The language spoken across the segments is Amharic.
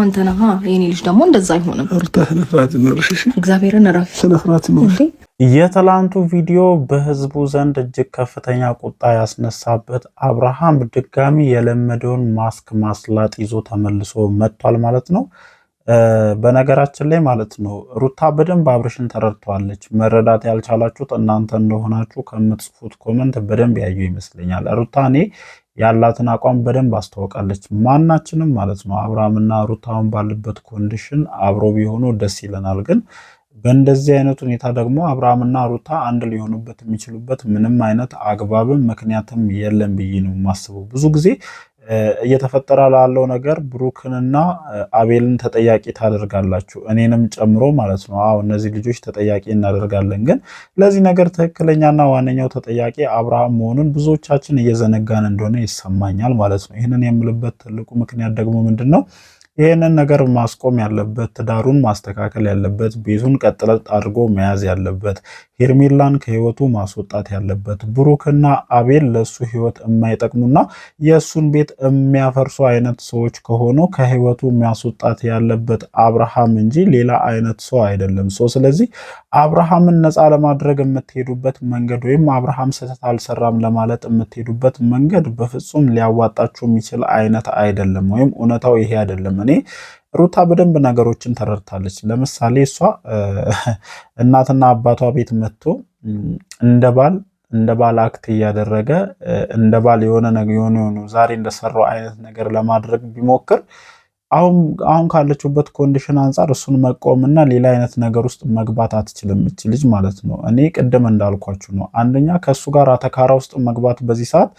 አንተ ነህ የኔ ልጅ ደግሞ እንደዛ አይሆንም። እግዚአብሔርን እረፍ። የትላንቱ ቪዲዮ በህዝቡ ዘንድ እጅግ ከፍተኛ ቁጣ ያስነሳበት አብርሃም ድጋሚ የለመደውን ማስክ ማስላጥ ይዞ ተመልሶ መጥቷል ማለት ነው። በነገራችን ላይ ማለት ነው ሩታ በደንብ አብርሽን ተረድቷለች። መረዳት ያልቻላችሁት እናንተ እንደሆናችሁ ከምትጽፉት ኮመንት በደንብ ያዩ ይመስለኛል። ሩታ እኔ ያላትን አቋም በደንብ አስተዋውቃለች። ማናችንም ማለት ነው አብርሃምና ሩት አሁን ባለበት ኮንዲሽን አብሮ ቢሆኑ ደስ ይለናል። ግን በእንደዚህ አይነት ሁኔታ ደግሞ አብርሃምና ሩታ አንድ ሊሆኑበት የሚችሉበት ምንም አይነት አግባብም ምክንያትም የለም ብዬ ነው የማስበው ብዙ ጊዜ እየተፈጠረ ላለው ነገር ብሩክንና አቤልን ተጠያቂ ታደርጋላችሁ፣ እኔንም ጨምሮ ማለት ነው። አዎ እነዚህ ልጆች ተጠያቂ እናደርጋለን። ግን ለዚህ ነገር ትክክለኛና ዋነኛው ተጠያቂ አብርሃም መሆኑን ብዙዎቻችን እየዘነጋን እንደሆነ ይሰማኛል ማለት ነው። ይህንን የምልበት ትልቁ ምክንያት ደግሞ ምንድን ነው? ይህንን ነገር ማስቆም ያለበት ትዳሩን ማስተካከል ያለበት ቤቱን ቀጥለጥ አድርጎ መያዝ ያለበት ሄርሜላን ከህይወቱ ማስወጣት ያለበት ብሩክና አቤል ለሱ ህይወት የማይጠቅሙና የእሱን ቤት የሚያፈርሱ አይነት ሰዎች ከሆኑ ከህይወቱ ማስወጣት ያለበት አብርሃም እንጂ ሌላ አይነት ሰው አይደለም ሰው። ስለዚህ አብርሃምን ነፃ ለማድረግ የምትሄዱበት መንገድ ወይም አብርሃም ስህተት አልሰራም ለማለት የምትሄዱበት መንገድ በፍጹም ሊያዋጣችሁ የሚችል አይነት አይደለም፣ ወይም እውነታው ይሄ አይደለም። እኔ ሩታ በደንብ ነገሮችን ተረድታለች። ለምሳሌ እሷ እናትና አባቷ ቤት መጥቶ እንደ ባል እንደ ባል አክት እያደረገ እንደ ባል የሆነ የሆኑ ዛሬ እንደሰራው አይነት ነገር ለማድረግ ቢሞክር አሁን አሁን ካለችበት ኮንዲሽን አንጻር እሱን መቆምና ሌላ አይነት ነገር ውስጥ መግባት አትችልም እች ልጅ ማለት ነው። እኔ ቅድም እንዳልኳችሁ ነው። አንደኛ ከእሱ ጋር አተካራ ውስጥ መግባት በዚህ ሰዓት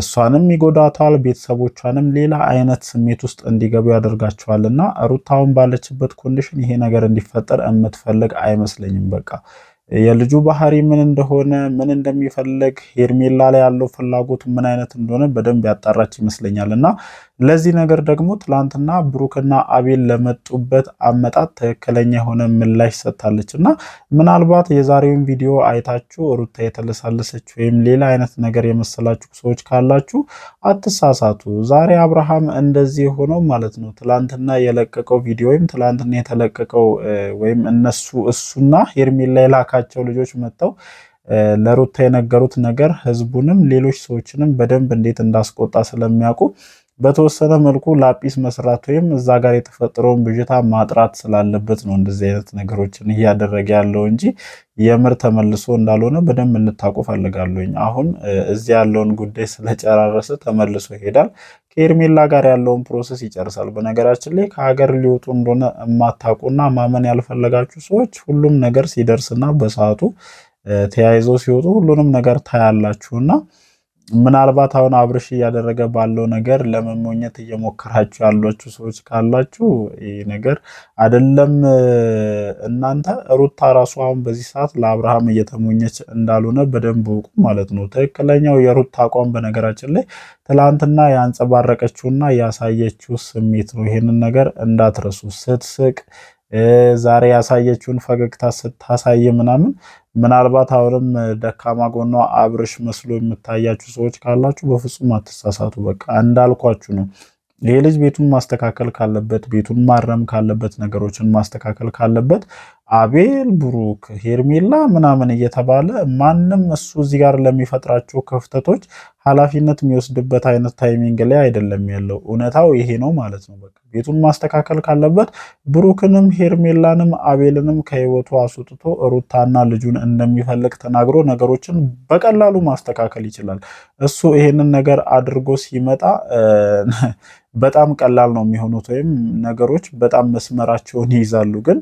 እሷንም ይጎዳታል፣ ቤተሰቦቿንም ሌላ አይነት ስሜት ውስጥ እንዲገቡ ያደርጋቸዋል። እና ሩታውን ባለችበት ኮንዲሽን ይሄ ነገር እንዲፈጠር የምትፈልግ አይመስለኝም። በቃ የልጁ ባህሪ ምን እንደሆነ ምን እንደሚፈልግ ሄርሜላ ላይ ያለው ፍላጎቱ ምን አይነት እንደሆነ በደንብ ያጣራች ይመስለኛል እና ለዚህ ነገር ደግሞ ትላንትና ብሩክና አቤል ለመጡበት አመጣት ትክክለኛ የሆነ ምላሽ ሰጥታለች እና ምናልባት የዛሬውን ቪዲዮ አይታችሁ ሩታ የተለሳለሰች ወይም ሌላ አይነት ነገር የመሰላችሁ ሰዎች ካላችሁ አትሳሳቱ። ዛሬ አብርሃም እንደዚህ ሆነው ማለት ነው ትላንትና የለቀቀው ቪዲዮ ወይም ትላንትና የተለቀቀው ወይም እነሱ እሱና ሄርሜላ የላካቸው ልጆች መጥተው ለሩታ የነገሩት ነገር ህዝቡንም ሌሎች ሰዎችንም በደንብ እንዴት እንዳስቆጣ ስለሚያውቁ በተወሰነ መልኩ ላጲስ መስራት ወይም እዛ ጋር የተፈጠረውን ብዥታ ማጥራት ስላለበት ነው እንደዚህ አይነት ነገሮችን እያደረገ ያለው እንጂ የምር ተመልሶ እንዳልሆነ በደንብ እንታቁ ፈልጋለሁኝ። አሁን እዚህ ያለውን ጉዳይ ስለጨራረሰ ተመልሶ ይሄዳል። ከኤርሜላ ጋር ያለውን ፕሮሰስ ይጨርሳል። በነገራችን ላይ ከሀገር ሊወጡ እንደሆነ የማታቁና ማመን ያልፈለጋችሁ ሰዎች ሁሉም ነገር ሲደርስና በሰዓቱ ተያይዞ ሲወጡ ሁሉንም ነገር ታያላችሁና ምናልባት አሁን አብርሽ እያደረገ ባለው ነገር ለመሞኘት እየሞከራችሁ ያሏችሁ ሰዎች ካላችሁ ይህ ነገር አይደለም። እናንተ ሩታ ራሱ አሁን በዚህ ሰዓት ለአብርሃም እየተሞኘች እንዳልሆነ በደንብ እውቁ ማለት ነው። ትክክለኛው የሩታ አቋም በነገራችን ላይ ትላንትና ያንጸባረቀችውና ያሳየችው ስሜት ነው። ይህንን ነገር እንዳትረሱ ስትስቅ ዛሬ ያሳየችውን ፈገግታ ስታሳይ ምናምን ምናልባት አሁንም ደካማ ጎኗ አብርሽ መስሎ የምታያችሁ ሰዎች ካላችሁ በፍጹም አትሳሳቱ። በቃ እንዳልኳችሁ ነው። ይሄ ልጅ ቤቱን ማስተካከል ካለበት፣ ቤቱን ማረም ካለበት፣ ነገሮችን ማስተካከል ካለበት አቤል ብሩክ ሄርሜላ ምናምን እየተባለ ማንም እሱ እዚህ ጋር ለሚፈጥራቸው ክፍተቶች ኃላፊነት የሚወስድበት አይነት ታይሚንግ ላይ አይደለም ያለው። እውነታው ይሄ ነው ማለት ነው። በቃ ቤቱን ማስተካከል ካለበት ብሩክንም ሄርሜላንም አቤልንም ከህይወቱ አስወጥቶ ሩታና ልጁን እንደሚፈልግ ተናግሮ ነገሮችን በቀላሉ ማስተካከል ይችላል። እሱ ይሄንን ነገር አድርጎ ሲመጣ በጣም ቀላል ነው የሚሆኑት፣ ወይም ነገሮች በጣም መስመራቸውን ይይዛሉ ግን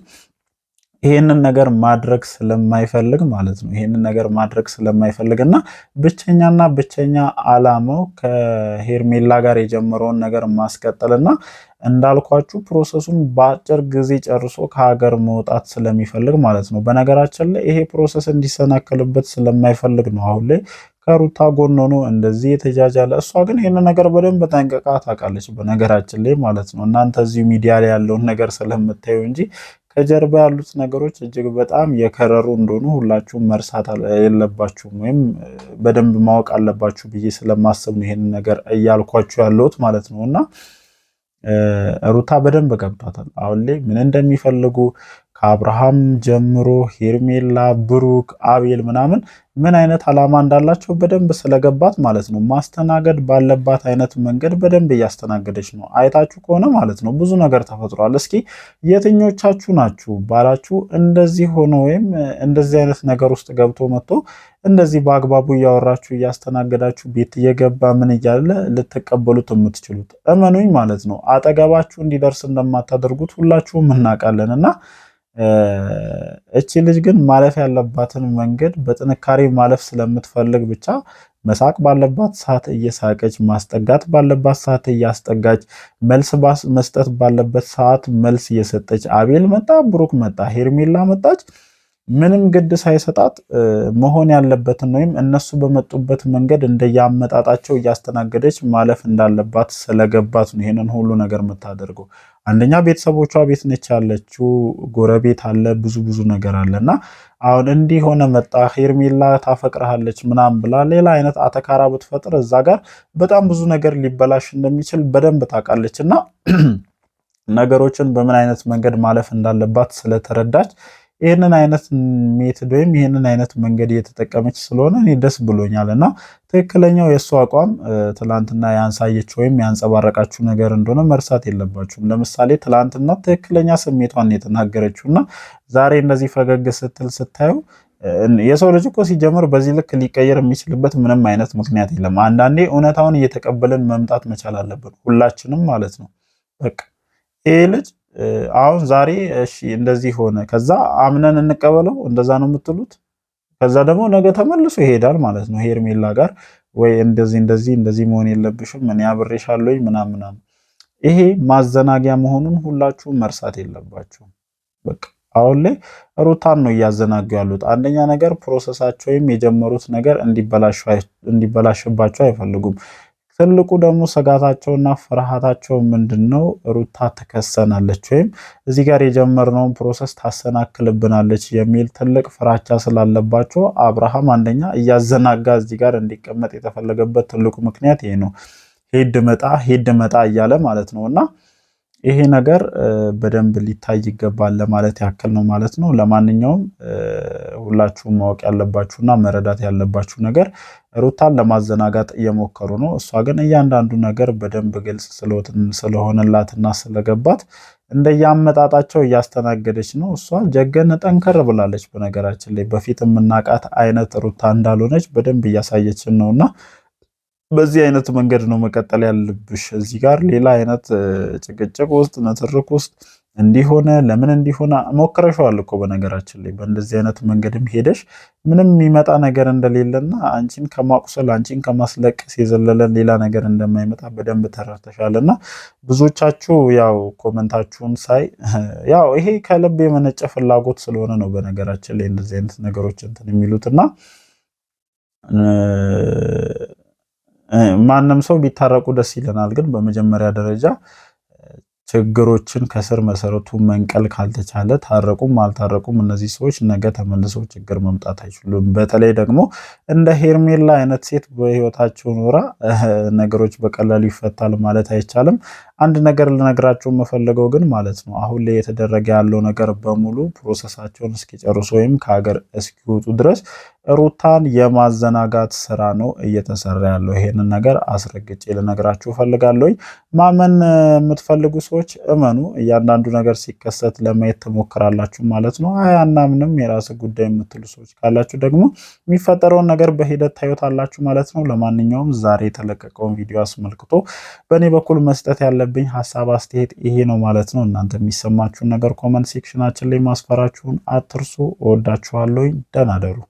ይሄንን ነገር ማድረግ ስለማይፈልግ ማለት ነው። ይሄንን ነገር ማድረግ ስለማይፈልግ እና ብቸኛና ብቸኛ አላማው ከሄርሜላ ጋር የጀመረውን ነገር ማስቀጠል እና እንዳልኳችሁ ፕሮሰሱን በአጭር ጊዜ ጨርሶ ከሀገር መውጣት ስለሚፈልግ ማለት ነው። በነገራችን ላይ ይሄ ፕሮሰስ እንዲሰናከልበት ስለማይፈልግ ነው አሁን ላይ ከሩታ ጎን ሆኖ እንደዚህ የተጃጃለ። እሷ ግን ይህን ነገር በደንብ ጠንቅቃ ታውቃለች፣ በነገራችን ላይ ማለት ነው። እናንተ እዚሁ ሚዲያ ላይ ያለውን ነገር ስለምታዩ እንጂ ከጀርባ ያሉት ነገሮች እጅግ በጣም የከረሩ እንደሆኑ ሁላችሁም መርሳት የለባችሁም ወይም በደንብ ማወቅ አለባችሁ ብዬ ስለማሰብ ነው ይሄንን ነገር እያልኳችሁ ያለሁት ማለት ነው እና ሩታ በደንብ ገብቷታል። አሁን ላይ ምን እንደሚፈልጉ ከአብርሃም ጀምሮ ሄርሜላ፣ ብሩክ፣ አቤል ምናምን ምን አይነት አላማ እንዳላቸው በደንብ ስለገባት ማለት ነው ማስተናገድ ባለባት አይነት መንገድ በደንብ እያስተናገደች ነው። አይታችሁ ከሆነ ማለት ነው ብዙ ነገር ተፈጥሯል። እስኪ የትኞቻችሁ ናችሁ ባላችሁ እንደዚህ ሆኖ ወይም እንደዚህ አይነት ነገር ውስጥ ገብቶ መጥቶ እንደዚህ በአግባቡ እያወራችሁ እያስተናገዳችሁ ቤት እየገባ ምን እያለ ልትቀበሉት የምትችሉት እመኑኝ ማለት ነው አጠገባችሁ እንዲደርስ እንደማታደርጉት ሁላችሁም እናውቃለን እና እቺ ልጅ ግን ማለፍ ያለባትን መንገድ በጥንካሬ ማለፍ ስለምትፈልግ ብቻ መሳቅ ባለባት ሰዓት እየሳቀች ማስጠጋት ባለባት ሰዓት እያስጠጋች መልስ መስጠት ባለበት ሰዓት መልስ እየሰጠች አቤል መጣ፣ ብሩክ መጣ፣ ሄርሜላ መጣች፣ ምንም ግድ ሳይሰጣት መሆን ያለበትን ወይም እነሱ በመጡበት መንገድ እንደያመጣጣቸው እያስተናገደች ማለፍ እንዳለባት ስለገባት ነው ይሄንን ሁሉ ነገር የምታደርገው። አንደኛ ቤተሰቦቿ ቤት ነች ያለችው፣ ጎረቤት አለ፣ ብዙ ብዙ ነገር አለ እና አሁን እንዲህ ሆነ መጣ ሄርሜላ ታፈቅረሃለች ምናምን ብላ ሌላ አይነት አተካራ ብትፈጥር እዛ ጋር በጣም ብዙ ነገር ሊበላሽ እንደሚችል በደንብ ታውቃለች እና ነገሮችን በምን አይነት መንገድ ማለፍ እንዳለባት ስለተረዳች ይህንን አይነት ሜትድ ወይም ይህንን አይነት መንገድ እየተጠቀመች ስለሆነ እኔ ደስ ብሎኛል እና ትክክለኛው የእሱ አቋም ትላንትና ያንሳየች ወይም ያንጸባረቃችሁ ነገር እንደሆነ መርሳት የለባችሁም። ለምሳሌ ትላንትና ትክክለኛ ስሜቷን የተናገረችው እና ዛሬ እንደዚህ ፈገግ ስትል ስታዩ የሰው ልጅ እኮ ሲጀምር በዚህ ልክ ሊቀየር የሚችልበት ምንም አይነት ምክንያት የለም። አንዳንዴ እውነታውን እየተቀበልን መምጣት መቻል አለብን፣ ሁላችንም ማለት ነው። በቃ ይሄ ልጅ አሁን ዛሬ እሺ እንደዚህ ሆነ፣ ከዛ አምነን እንቀበለው እንደዛ ነው የምትሉት። ከዛ ደግሞ ነገ ተመልሶ ይሄዳል ማለት ነው ሄርሜላ ጋር ወይ እንደዚህ እንደዚህ እንደዚህ መሆን የለብሽም እኔ አብሬሻለሁኝ ምናምን ይሄ ማዘናጊያ መሆኑን ሁላችሁ መርሳት የለባችሁም። በቃ አሁን ላይ ሩታን ነው እያዘናጉ ያሉት። አንደኛ ነገር ፕሮሰሳቸው ወይም የጀመሩት ነገር እንዲበላሽባቸው አይፈልጉም። ትልቁ ደግሞ ስጋታቸውና ፍርሃታቸው ምንድን ነው? ሩታ ትከሰናለች ወይም እዚህ ጋር የጀመርነውን ፕሮሰስ ታሰናክልብናለች የሚል ትልቅ ፍራቻ ስላለባቸው አብርሃም አንደኛ እያዘናጋ እዚህ ጋር እንዲቀመጥ የተፈለገበት ትልቁ ምክንያት ይሄ ነው። ሄድ መጣ ሄድ መጣ እያለ ማለት ነው እና ይሄ ነገር በደንብ ሊታይ ይገባል ለማለት ያክል ነው ማለት ነው። ለማንኛውም ሁላችሁም ማወቅ ያለባችሁና መረዳት ያለባችሁ ነገር ሩታን ለማዘናጋት እየሞከሩ ነው። እሷ ግን እያንዳንዱ ነገር በደንብ ግልጽ ስለሆነላትና ስለገባት እንደያመጣጣቸው እያስተናገደች ነው። እሷ ጀገን ጠንከር ብላለች። በነገራችን ላይ በፊት የምናቃት አይነት ሩታ እንዳልሆነች በደንብ እያሳየችን ነውና በዚህ አይነት መንገድ ነው መቀጠል ያለብሽ። እዚህ ጋር ሌላ አይነት ጭቅጭቅ ውስጥ ንትርክ ውስጥ እንዲሆነ ለምን እንዲሆነ ሞክረሽዋል እኮ በነገራችን ላይ በእንደዚህ አይነት መንገድም ሄደሽ ምንም የሚመጣ ነገር እንደሌለና አንቺን ከማቁሰል አንቺን ከማስለቀስ የዘለለን ሌላ ነገር እንደማይመጣ በደንብ እና ብዙዎቻችሁ ያው ኮመንታችሁን ሳይ ያው ይሄ ከልብ የመነጨ ፍላጎት ስለሆነ ነው በነገራችን ላይ እንደዚህ አይነት ነገሮች እንትን የሚሉትና ማንም ሰው ቢታረቁ ደስ ይለናል። ግን በመጀመሪያ ደረጃ ችግሮችን ከስር መሰረቱ መንቀል ካልተቻለ ታረቁም አልታረቁም እነዚህ ሰዎች ነገ ተመልሰው ችግር መምጣት አይችሉም። በተለይ ደግሞ እንደ ሄርሜላ አይነት ሴት በህይወታቸው ኖራ ነገሮች በቀላሉ ይፈታል ማለት አይቻልም። አንድ ነገር ልነግራቸው የምፈልገው ግን ማለት ነው አሁን ላይ የተደረገ ያለው ነገር በሙሉ ፕሮሰሳቸውን እስኪጨርሱ ወይም ከሀገር እስኪወጡ ድረስ ሩታን የማዘናጋት ስራ ነው እየተሰራ ያለው። ይሄንን ነገር አስረግጬ ልነግራችሁ እፈልጋለሁኝ። ማመን የምትፈልጉ ሰዎች እመኑ። እያንዳንዱ ነገር ሲከሰት ለማየት ትሞክራላችሁ ማለት ነው። ምንም የራስ ጉዳይ የምትሉ ሰዎች ካላችሁ ደግሞ የሚፈጠረውን ነገር በሂደት ታዩታላችሁ ማለት ነው። ለማንኛውም ዛሬ የተለቀቀውን ቪዲዮ አስመልክቶ በእኔ በኩል መስጠት ያለብኝ ሀሳብ አስተያየት ይሄ ነው ማለት ነው። እናንተ የሚሰማችሁን ነገር ኮመንት ሴክሽናችን ላይ ማስፈራችሁን አትርሱ። እወዳችኋለሁኝ። ደህና ደሩ።